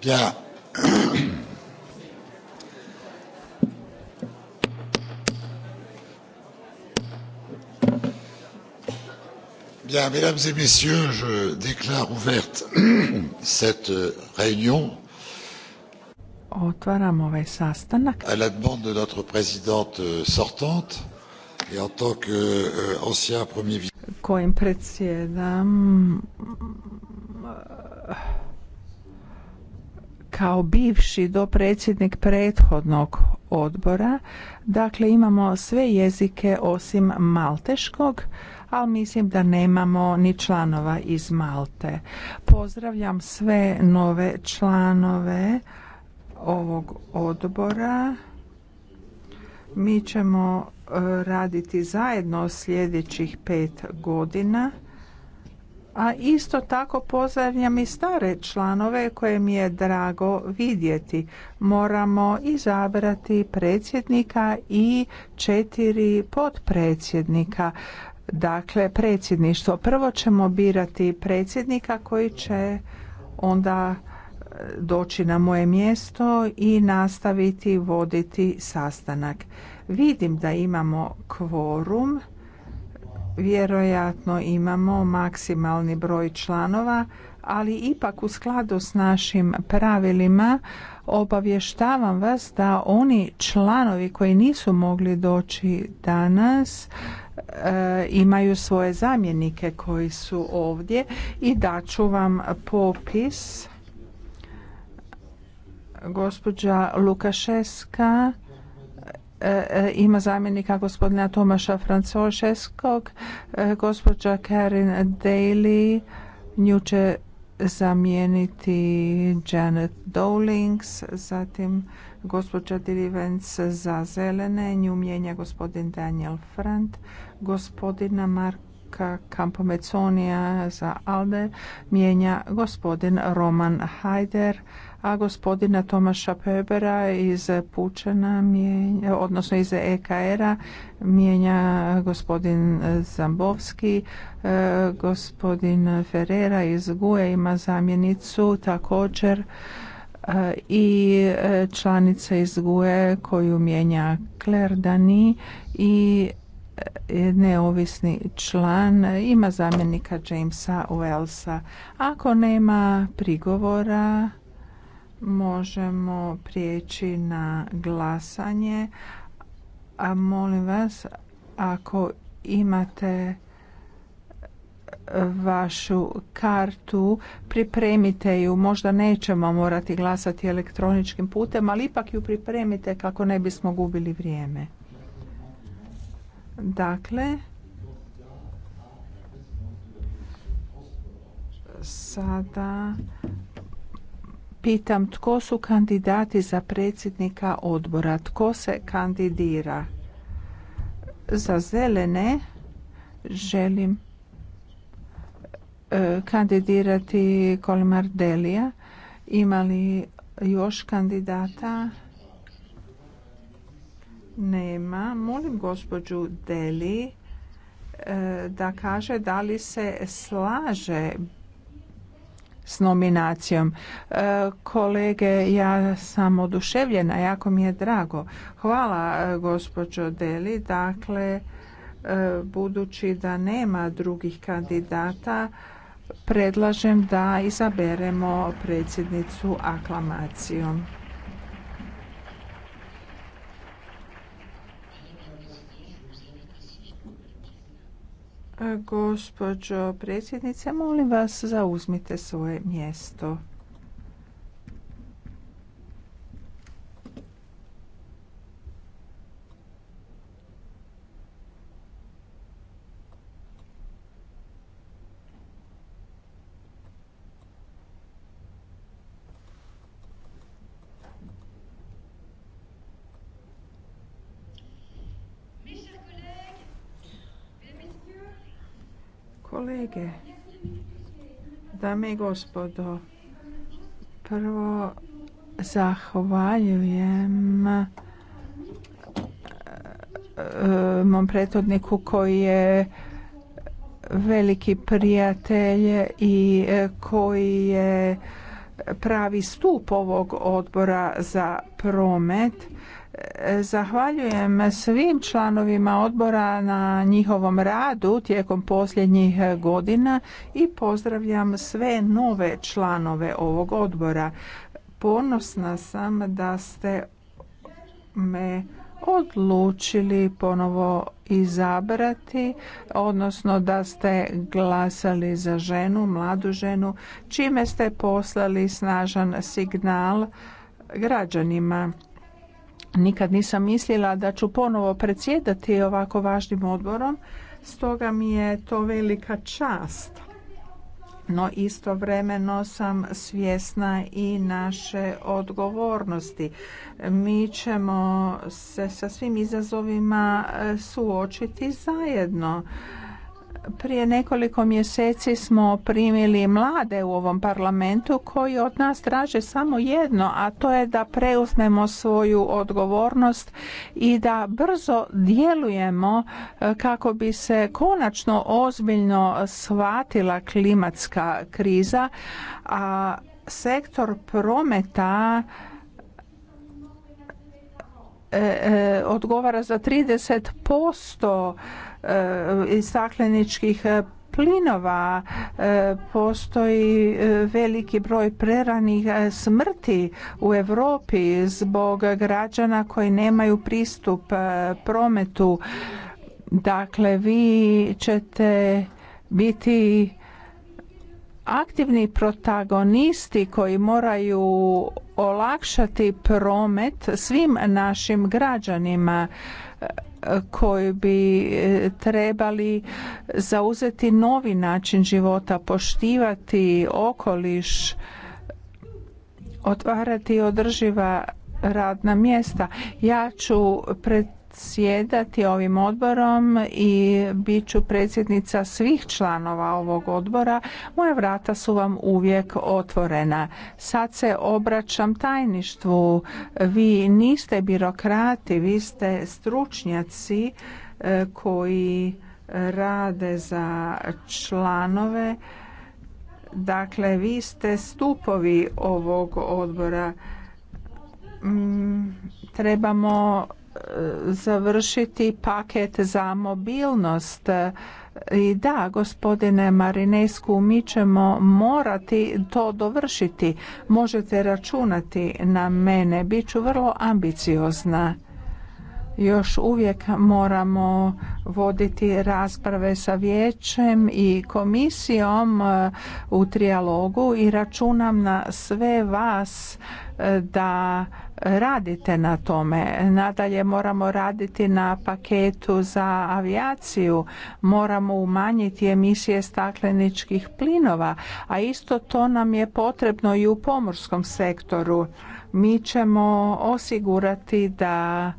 Bien. Bien, mesdames et messieurs, je déclare ouverte cette euh, réunion. ovaj sastanak. À la demande de notre présidente euh, sortante et en tant qu'ancien euh, premier vice. kao bivši dopredsjednik prethodnog odbora. Dakle, imamo sve jezike osim malteškog, ali mislim da nemamo ni članova iz Malte. Pozdravljam sve nove članove ovog odbora. Mi ćemo e, raditi zajedno sljedećih pet godina. A isto tako pozdravljam i stare članove koje mi je drago vidjeti. Moramo izabrati predsjednika i četiri potpredsjednika. Dakle, predsjedništvo. Prvo ćemo birati predsjednika koji će onda e, doći na moje mjesto i nastaviti voditi sastanak. Vidim da imamo kvorum vjerojatno imamo maksimalni broj članova, ali ipak u skladu s našim pravilima obavještavam vas da oni članovi koji nisu mogli doći danas e, imaju svoje zamjenike koji su ovdje i daću vam popis gospođa Lukašeska E, e, ima zamjenika gospodina Tomaša Francošeskog, e, gospođa Karen Daly, nju će zamijeniti Janet Dowlings, zatim gospođa Dirivens za zelene, nju mijenja gospodin Daniel Frant, gospodina Marka Campomeconija za ALDE, mijenja gospodin Roman Hajder, a gospodina Tomaša Pebera iz Pučana, odnosno iz EKR-a, mijenja gospodin Zambovski, e, gospodin Ferreira iz GUE ima zamjenicu također e, i e, članica iz GUE koju mijenja Kler Dani i neovisni član ima zamjenika Jamesa Wellsa. Ako nema prigovora možemo prijeći na glasanje. A molim vas, ako imate vašu kartu, pripremite ju. Možda nećemo morati glasati elektroničkim putem, ali ipak ju pripremite kako ne bismo gubili vrijeme. Dakle, sada Pitam tko su kandidati za predsjednika odbora? Tko se kandidira? Za zelene želim e, kandidirati Kolmar Delija. Ima li još kandidata? Nema. Molim gospođu Deli e, da kaže da li se slaže s nominacijom. E, kolege, ja sam oduševljena, jako mi je drago. Hvala e, gospođo Deli. Dakle, e, budući da nema drugih kandidata, predlažem da izaberemo predsjednicu aklamacijom. Gospođo predsjednice, molim vas zauzmite svoje mjesto. dame i gospodo. Prvo zahvaljujem eh, mom prethodniku koji je veliki prijatelj i eh, koji je pravi stup ovog odbora za promet Zahvaljujem svim članovima odbora na njihovom radu tijekom posljednjih godina i pozdravljam sve nove članove ovog odbora. Ponosna sam da ste me odlučili ponovo izabrati, odnosno da ste glasali za ženu, mladu ženu, čime ste poslali snažan signal građanima. Nikad nisam mislila da ću ponovo predsjedati ovako važnim odborom, stoga mi je to velika čast. No istovremeno sam svjesna i naše odgovornosti. Mi ćemo se sa svim izazovima e, suočiti zajedno prije nekoliko mjeseci smo primili mlade u ovom parlamentu koji od nas traže samo jedno, a to je da preuzmemo svoju odgovornost i da brzo djelujemo e, kako bi se konačno ozbiljno shvatila klimatska kriza, a sektor prometa e, e, odgovara za 30% E, stakleničkih e, plinova e, postoji veliki broj preranih smrti u Europi zbog građana koji nemaju pristup prometu. Dakle, vi ćete biti aktivni protagonisti koji moraju olakšati promet svim našim građanima koji bi e, trebali zauzeti novi način života, poštivati okoliš, otvarati održiva radna mjesta. Ja ću pred predsjedati ovim odborom i bit ću predsjednica svih članova ovog odbora. Moja vrata su vam uvijek otvorena. Sad se obraćam tajništvu. Vi niste birokrati, vi ste stručnjaci e, koji rade za članove. Dakle, vi ste stupovi ovog odbora. Mm, trebamo završiti paket za mobilnost. I da, gospodine Marinesku, mi ćemo morati to dovršiti. Možete računati na mene, bit ću vrlo ambiciozna još uvijek moramo voditi rasprave sa vijećem i komisijom e, u trijalogu i računam na sve vas e, da radite na tome. Nadalje moramo raditi na paketu za avijaciju, moramo umanjiti emisije stakleničkih plinova, a isto to nam je potrebno i u pomorskom sektoru. Mi ćemo osigurati da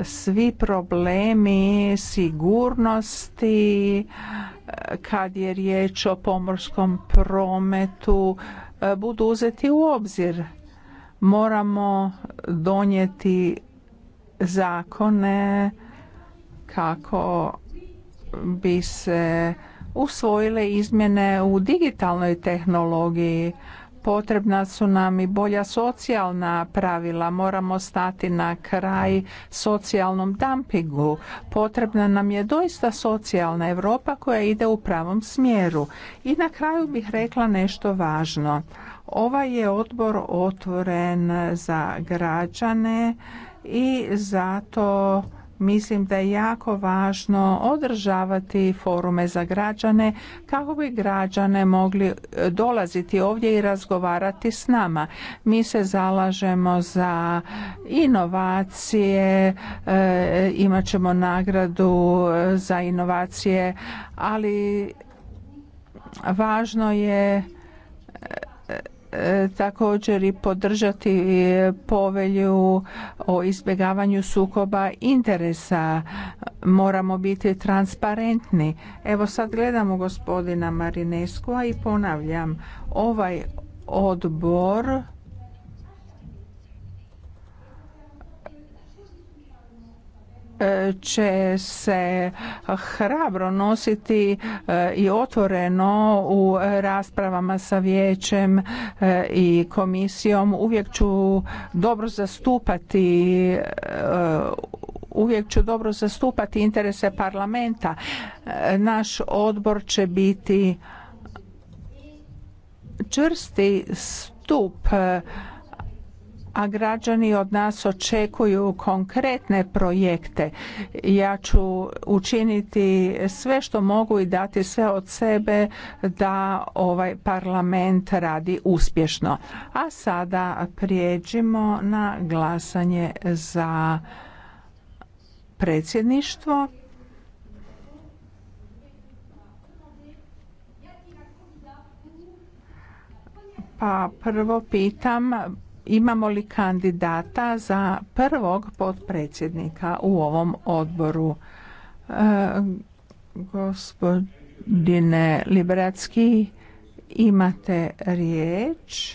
svi problemi sigurnosti kad je riječ o pomorskom prometu e, budu uzeti u obzir. Moramo donijeti zakone kako bi se usvojile izmjene u digitalnoj tehnologiji Potrebna su nam i bolja socijalna pravila. Moramo stati na kraj socijalnom dumpingu. Potrebna nam je doista socijalna Europa koja ide u pravom smjeru. I na kraju bih rekla nešto važno. Ovaj je odbor otvoren za građane i zato Mislim da je jako važno održavati forume za građane kako bi građane mogli e, dolaziti ovdje i razgovarati s nama. Mi se zalažemo za inovacije, e, imat ćemo nagradu e, za inovacije, ali važno je također i podržati povelju o izbjegavanju sukoba interesa. Moramo biti transparentni. Evo sad gledamo gospodina Marineskova i ponavljam, ovaj odbor će se hrabro nositi e, i otvoreno u raspravama sa vijećem e, i komisijom. Uvijek ću dobro zastupati e, uvijek ću dobro zastupati interese parlamenta. Naš odbor će biti čvrsti stup a građani od nas očekuju konkretne projekte. Ja ću učiniti sve što mogu i dati sve od sebe da ovaj parlament radi uspješno. A sada prijeđimo na glasanje za predsjedništvo. Pa prvo pitam imamo li kandidata za prvog potpredsjednika u ovom odboru. E, gospodine Liberacki, imate riječ.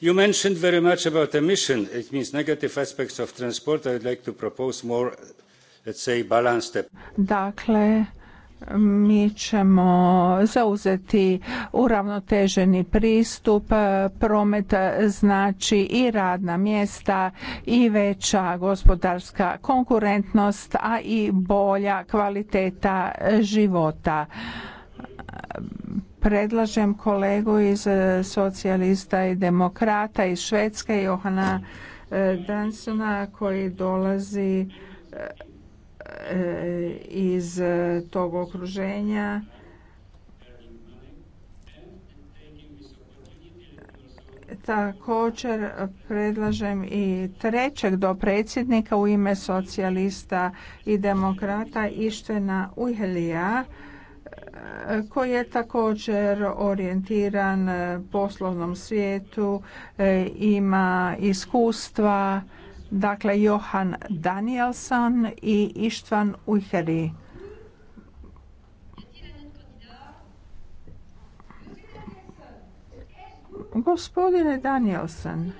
You mentioned very much about emission, it means negative aspects of transport. I would like to propose more Dakle, mi ćemo zauzeti uravnoteženi pristup promet znači i radna mjesta i veća gospodarska konkurentnost a i bolja kvaliteta života predlažem kolegu iz socijalista i demokrata iz Švedske Johana Dansona koji dolazi E, iz e, tog okruženja Također predlažem i trećeg dopredsjednika u ime socijalista i demokrata Ištena Ujhelija e, koji je također orijentiran poslovnom svijetu, ima iskustva Dakle, Johan Danielson i Ištvan Ujheri. Gospodine Danielson,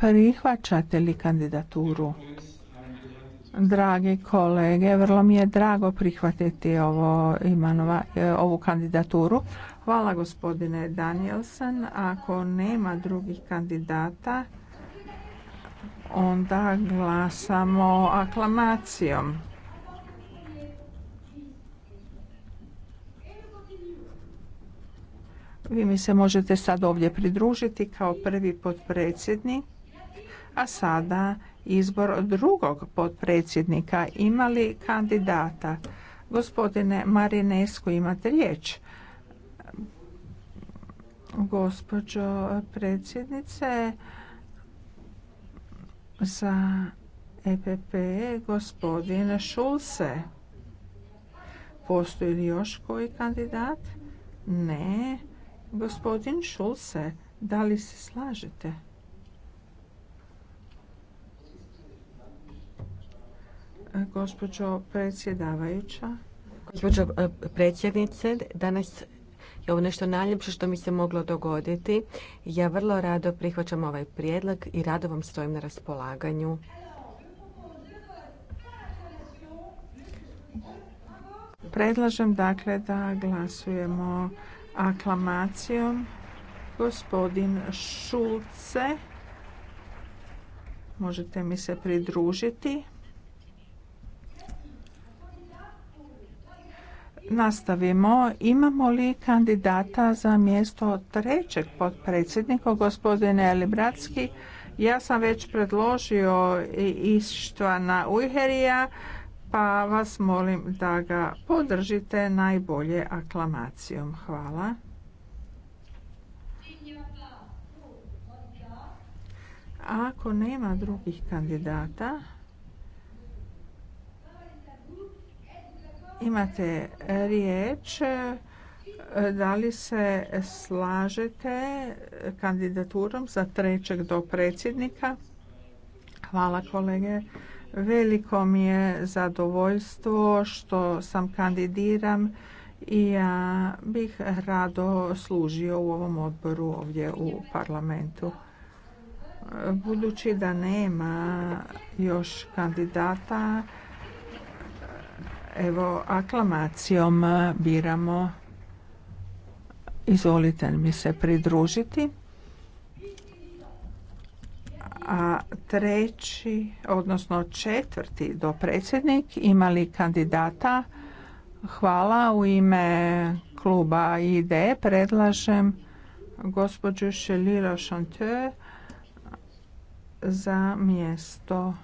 prihvaćate li kandidaturu? Dragi kolege, vrlo mi je drago prihvatiti ovo imanova, ovu kandidaturu. Hvala gospodine Danielson. Ako nema drugih kandidata, onda glasamo aklamacijom. Vi mi se možete sad ovdje pridružiti kao prvi potpredsjednik, a sada izbor drugog potpredsjednika. Ima li kandidata? Gospodine Marinesku, imate riječ. Gospođo predsjednice, za EPP gospodin Šulce. Postoji li još koji kandidat? Ne. Gospodin Šulse, da li se slažete? Gospođo predsjedavajuća. Gospođo eh, predsjednice, danas je ovo nešto najljepše što mi se moglo dogoditi. Ja vrlo rado prihvaćam ovaj prijedlog i rado vam stojim na raspolaganju. Predlažem dakle da glasujemo aklamacijom. Gospodin Šulce, možete mi se pridružiti. Nastavimo. Imamo li kandidata za mjesto trećeg potpredsjednika, gospodine Bratski? Ja sam već predložio na Ujherija, pa vas molim da ga podržite najbolje aklamacijom. Hvala. Ako nema drugih kandidata, imate riječ. E, da li se slažete kandidaturom za trećeg do predsjednika? Hvala kolege. Veliko mi je zadovoljstvo što sam kandidiram i ja bih rado služio u ovom odboru ovdje u parlamentu. Budući da nema još kandidata, Evo, aklamacijom e, biramo. Izvolite mi se pridružiti. A treći, odnosno četvrti do predsjednik imali kandidata. Hvala u ime kluba ID. Predlažem gospođu Šeliro Šantö za mjesto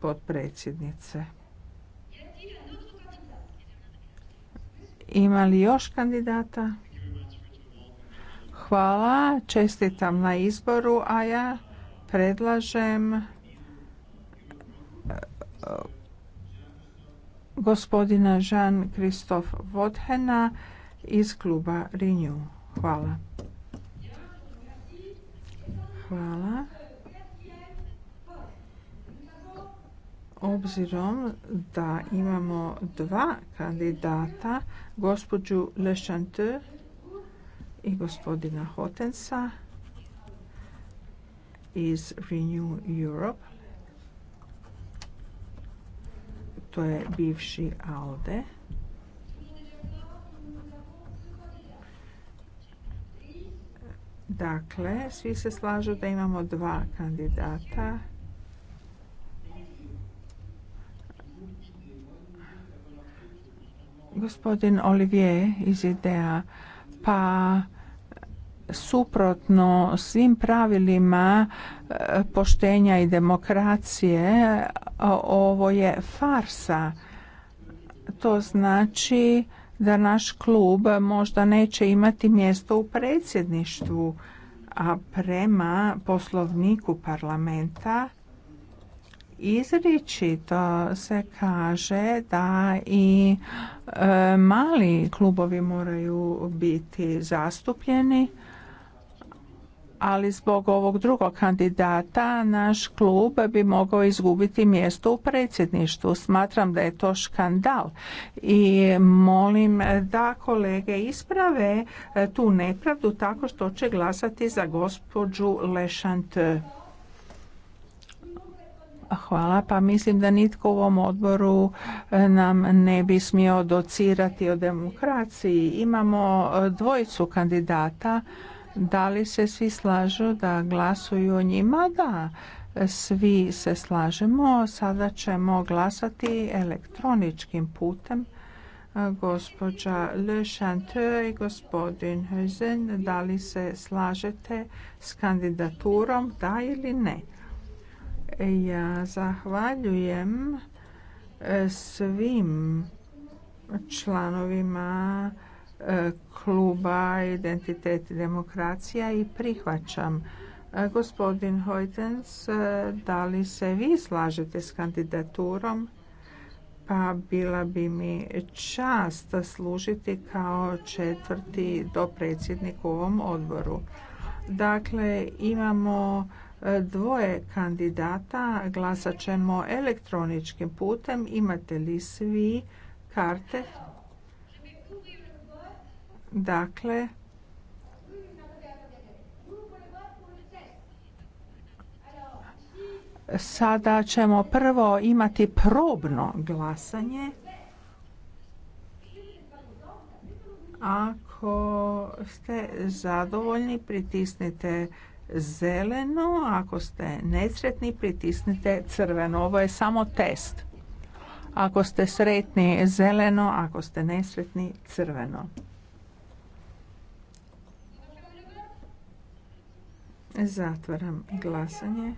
potpredsjednice. Ima li još kandidata? Hvala, čestitam na izboru, a ja predlažem eh, gospodina Žan Kristof Vodhena iz kluba Renew. Hvala. Hvala. obzirom da imamo dva kandidata, gospođu Le i gospodina Hotensa iz Renew Europe. To je bivši ALDE. Dakle, svi se slažu da imamo dva kandidata Gospodin Olivier iz IDEA, pa suprotno svim pravilima e, poštenja i demokracije ovo je farsa. To znači da naš klub možda neće imati mjesto u predsjedništvu, a prema poslovniku parlamenta izričito se kaže da i e, mali klubovi moraju biti zastupljeni ali zbog ovog drugog kandidata naš klub bi mogao izgubiti mjesto u predsjedništvu. Smatram da je to škandal i molim da kolege isprave e, tu nepravdu tako što će glasati za gospođu Lešant. Hvala. Pa mislim da nitko u ovom odboru e, nam ne bi smio docirati o demokraciji. Imamo e, dvojicu kandidata. Da li se svi slažu da glasuju o njima? Da. Svi se slažemo. Sada ćemo glasati elektroničkim putem. E, gospođa Le Chanteur i gospodin Heusen, da li se slažete s kandidaturom, da ili ne? Ja zahvaljujem e, svim članovima e, kluba Identitet i demokracija i prihvaćam. E, gospodin Hojtens, da li se vi slažete s kandidaturom? Pa bila bi mi čast služiti kao četvrti dopredsjednik u ovom odboru. Dakle, imamo Dvoje kandidata glasat ćemo elektroničkim putem. Imate li svi karte? Dakle, sada ćemo prvo imati probno glasanje. Ako ste zadovoljni, pritisnite zeleno, ako ste nesretni pritisnite crveno. Ovo je samo test. Ako ste sretni zeleno, ako ste nesretni crveno. Zatvaram glasanje.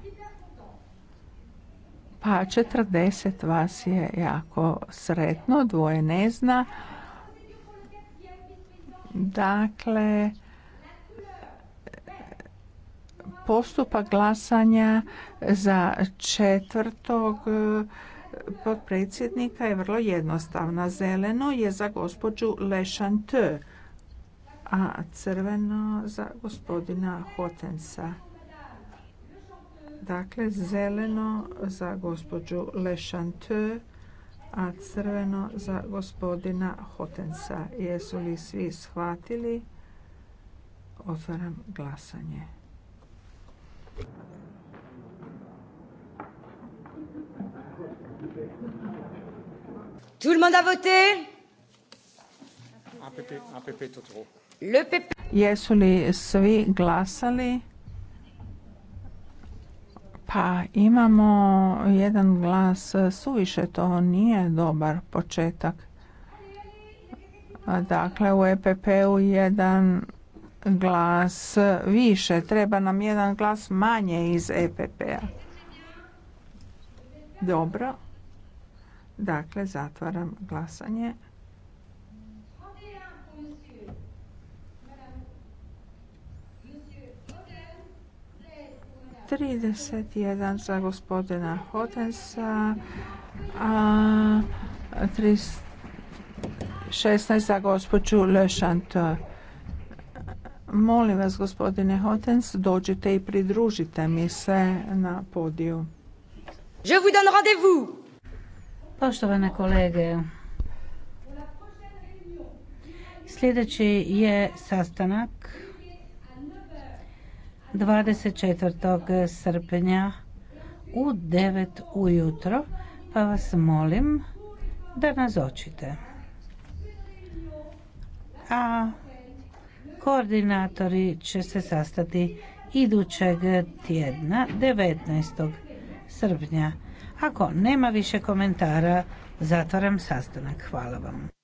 Pa 40 vas je jako sretno, dvoje ne zna. Dakle, postupak glasanja za četvrtog e, potpredsjednika je vrlo jednostavna. Zeleno je za gospođu Lešant. a crveno za gospodina Hotensa. Dakle, zeleno za gospođu Lešant, a crveno za gospodina Hotensa. Jesu li svi shvatili? Otvaram glasanje. Tout le monde a voté Le PP. Jesu li svi glasali? Pa imamo jedan glas suviše, to nije dobar početak. Dakle, u EPP-u jedan glas više, treba nam jedan glas manje iz EPP-a. Dobro. Dakle, zatvaram glasanje. Trideset jedan za gospodina Hotensa, a šesnaest za gospođu Le Molim vas, gospodine Hotens, dođite i pridružite mi se na podiju. Je vous donne rendez-vous. Poštovane kolege, sljedeći je sastanak 24. srpnja u 9 ujutro, pa vas molim da nazočite. A Koordinatori će se sastati idućeg tjedna 19. srpnja. Ako nema više komentara, zatvaram sastanak. Hvala vam.